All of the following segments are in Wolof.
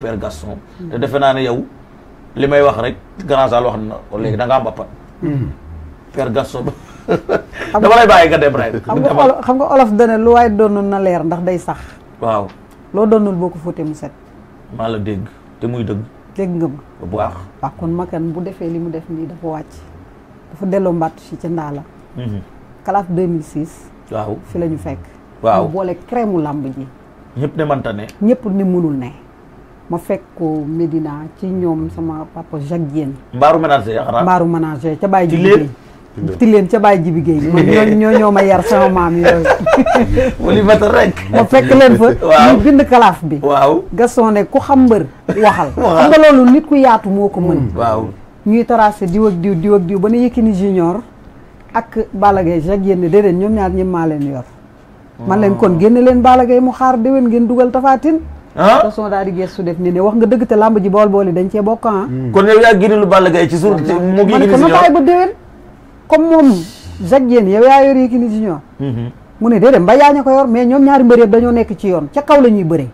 Père Gaston te defe naa ne yow li may wax rek grand sal wax na ko léegi da ngaa mbappat hmm. Père Gaston dama lay bàyyi nga dem rek xam nga olof dane lu waaye doonul na leer ndax day sax waaw loo doonul boo ko fóotee mu set maa la dégg te muy dëgg dégg nga ma bu baax waaw kon makan bu defee li mu def nii dafa wàcc dafa delloo mbattu si ca ndaa la mhm. kalaaf 2006 waaw fi la ñu fekk waaw boole crème lamb ji ñëpp ne manta ne ne mënul ne ma fekk ko Medina ci ñoom sama papa Jacques Diène. Mbaaru Ménager xanaa. Mbaaru Ménager ca Baye Jibi Guèye. Tilleen ca Baye Jibi Guèye. man ñoo ñoo ma yar sama maam yooyu. ma fekk leen fa. waaw ñu bind kalaaf bi. waaw Gaston ne ku xam mbër waxal. xam nga loolu nit ku yaatu moo ko mën. Mm, waaw ñuy tracé diw ak diw diw ak diw ba ne Yékini Junior ak Balla Gaye Jacques Diène ne déedéet ñoom ñaar ñëpp maa leen yor. man oh. kon génne leen Balla mu xaar déwén ngeen dugal Tapha façon daal di gestu def ni ne wax nga dëgg te lamb ji bool bool yi dañ cee bokk hmm. ah. kon yow yaa gindi lu Balla Gaye ci suur mu ngi indi si ñoom man ba déwén comme moom Zac Diène yow yaa yor Yékini Junior mu ne déedéet mbay yaa ñu ko yor mais ñoom ñaari mbër yëpp nekk ci yoon ca kaw la ñuy bëree.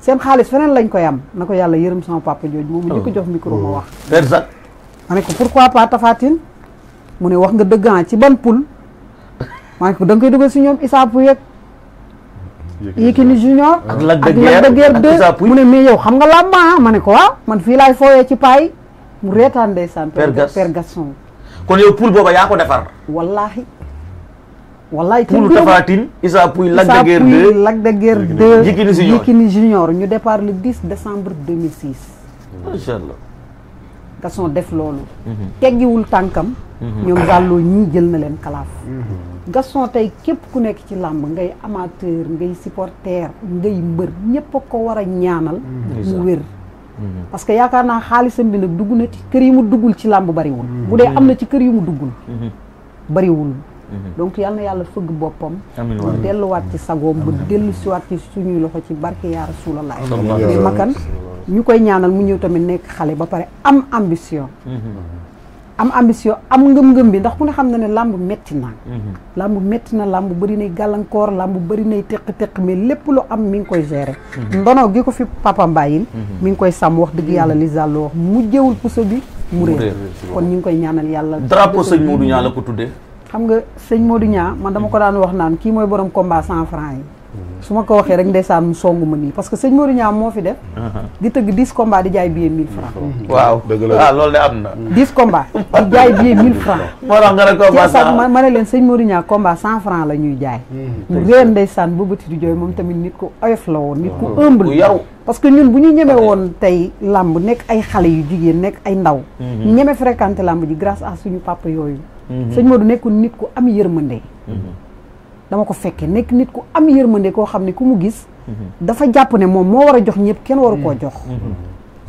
seen xaalis feneen lañ koy am na ko yàlla sama papa jooju moom mu ko jox micro ma wax. père Zac. ma ne ko pourquoi pas Tafatine mu ne wax nga dëgg ah ci ban poul maa ngi ko da koy dugal si ñoom Issa Pouye Yékini Junior ak Lac de Guiers 2 mu mais yow xam nga làmb ma ma ne ko waaw man fii laay fooyee ci paay mu reetaan ndeysaan Père Gaston kon yow poule booba yaa ko defar wallaahi wallaahi poule Tafatine Issa Pouye Lac de Guiers 2 de Guiers 2 Yékini Junior Yékini Junior ñu départ le 10 décembre 2006 macha allah Gaston def loolu mhm. teggiwul tànkam mhm. ñoom Zallo ñu jël na leen kalaaf mhm. Gaston tey képp ku nekk ci làmb ngay amateur ngay supporter ngay mbër ñëpp a ko war a ñaanal mu wér parce que yaakaar naa xaalisam bi nag dugg na ci kër yi mu duggul ci làmb bariwul bu dee am na ci kër yu mu duggul bariwul donc yàlla yàlla fëgg boppam mu delluwaat ci sagoom ba dellu si ci suñuy loxo ci barke yaa rasulallah mais makan ñu koy ñaanal mu ñëw tamit nekk xale ba pare am ambition. am ambition am ngëm-ngëm bi ndax ku ne xam na ne làmb metti na. làmb metti na làmb bëri nay gàllankoor làmb bëri nay teq-teq mais lépp lu am mi ngi koy gérer. ndono gi ko fi papa mbayin mi ngi koy sàmm wax dëgg yàlla li zàllu wax mu jéewul puso bi mu réer kon ñu ngi koy ñaanal yàlla. drapeau sëñ Modou Niang la ko tuddee. xam nga sëñ moo Modou ñaa man dama ko daan wax naan kii mooy borom combat cent franc yi. su ma ko waxee rek ndeysaan mu songu ma nii parce que sëñ Modou Niang moo fi def. di tëgg 10 combats di jaay billet 1000 francs. waaw waaw ah, loolu de am na. 10 combats di jaay billet 1000 francs. moo tax nga ne ma ne leen sëñ Modou Niang combat 100 francs la ñuy jaay. Hmm. mu réer ndeysaan ba bëti di jooy moom tamit nit ku oyof la woon. nit ku humble parce que ñun bu ñu ñeme woon tey làmb nekk ay xale yu jigéen nekk ay ndaw. Hmm. ñeme fréquenté làmb ji grâce a suñu papa yooyu. Hmm. sëñ Modou nekkul nit ku am yërmande. dama ko fekkee nekk nit ku am yërmande koo xam ne ku mu gis dafa jàpp ne moom moo war a jox ñëpp kenn waru koo jox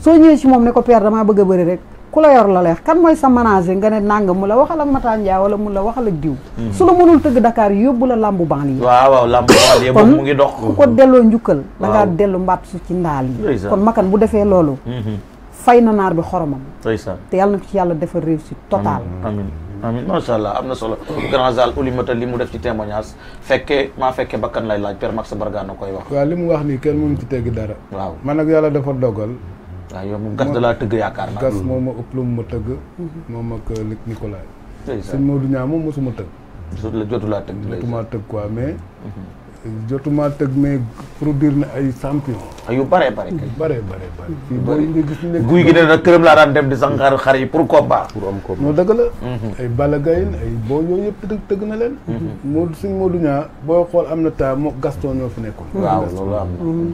soo ñëwee ci moom ne ko père damaa bëgg a bëri rek ku la yor la leex kan mooy sa manager nga ne nanga mu la wax a Mata Ndiaye wala mu la waxal ak diw su la mënul tëgg Dakar yóbbu la làmbu banlieue waaw waaw làmbu banlieue kon mu ngi dox ku ko delloo njukkal da dellu mbaat su ci ndaal yi kon makan bu defee loolu mhm. fay na naar bi xoromam te yàlla na ci yàlla defal réussite totale amiin macha allah am na solo. grand zal ulimata li mu def ci témoignage fekkee maa fekkee bakkan lay laaj Père Max Bargane na koy wax. waaw li mu wax nii kenn mënu ci tegg dara. waaw man nag yàlla dafa dogal. waaw yow moom gas da laa tëgg yaakaar naa. gas moom ma ëpp lu mu ma tëgg. moom ak moo c'est ça ma Maodo Niang moom mosuma tëgg. jotu la jotu laa tëgg. ko tëgg quoi mais. Mhm. jotuma tëgg mais produire na ay champion. yu bare bare kay. bare bare bare. fii booy nga gis ne. guy gi ne nag këram laa daan dem di sangaar xar yi pour combat. pour am combat non dëgg la. Mhm. ay Balla Gaye ay boo yooyu yëpp dëgg dëgg na leen. Mhm. Modou suñ Modou ñaa boo xool am na taa moo Gaston ñoo fi nekkoon. waaw loolu am na. Mhm.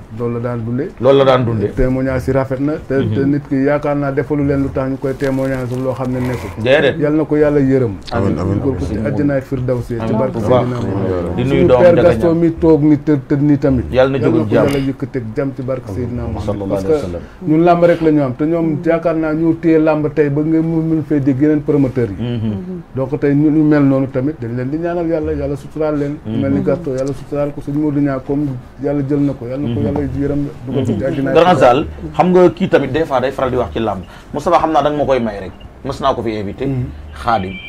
loolu la daan dundee. loolu la daan dundee. témoignage si rafet na. te mhm. te nit ki yaakaar naa defalu leen lu tax ñu koy témoignage loo xam ne nekkul. déedéet yal na ko yàlla yërëm. amiin amiin ko ci àddinaay firdawsi ci barke Seydina Muhammad di nuyu doomu Njaga Ñaŋ père Gaston na parce que ñun làmb rek la ñu am te ñoom yaakaar naa ñu téye làmb tey ba nga mun fay dégg yeneen promoteurs yi. Mhm. donc tey ñu mel noonu tamit dañ leen di ñaanal yàlla yàlla suturaal leen. Mhm. mel ni Gaston yàlla suturaal ko suñu Modou Niang comme yàlla jël na ko yàlla yàlla wér-gu-yaram dugal ko ci àddina grand Zal xam nga kii tamit des fois day faral di wax ci làmb Moustapha xam naa da nga ma koy may rek mës naa ko fi invité xaadim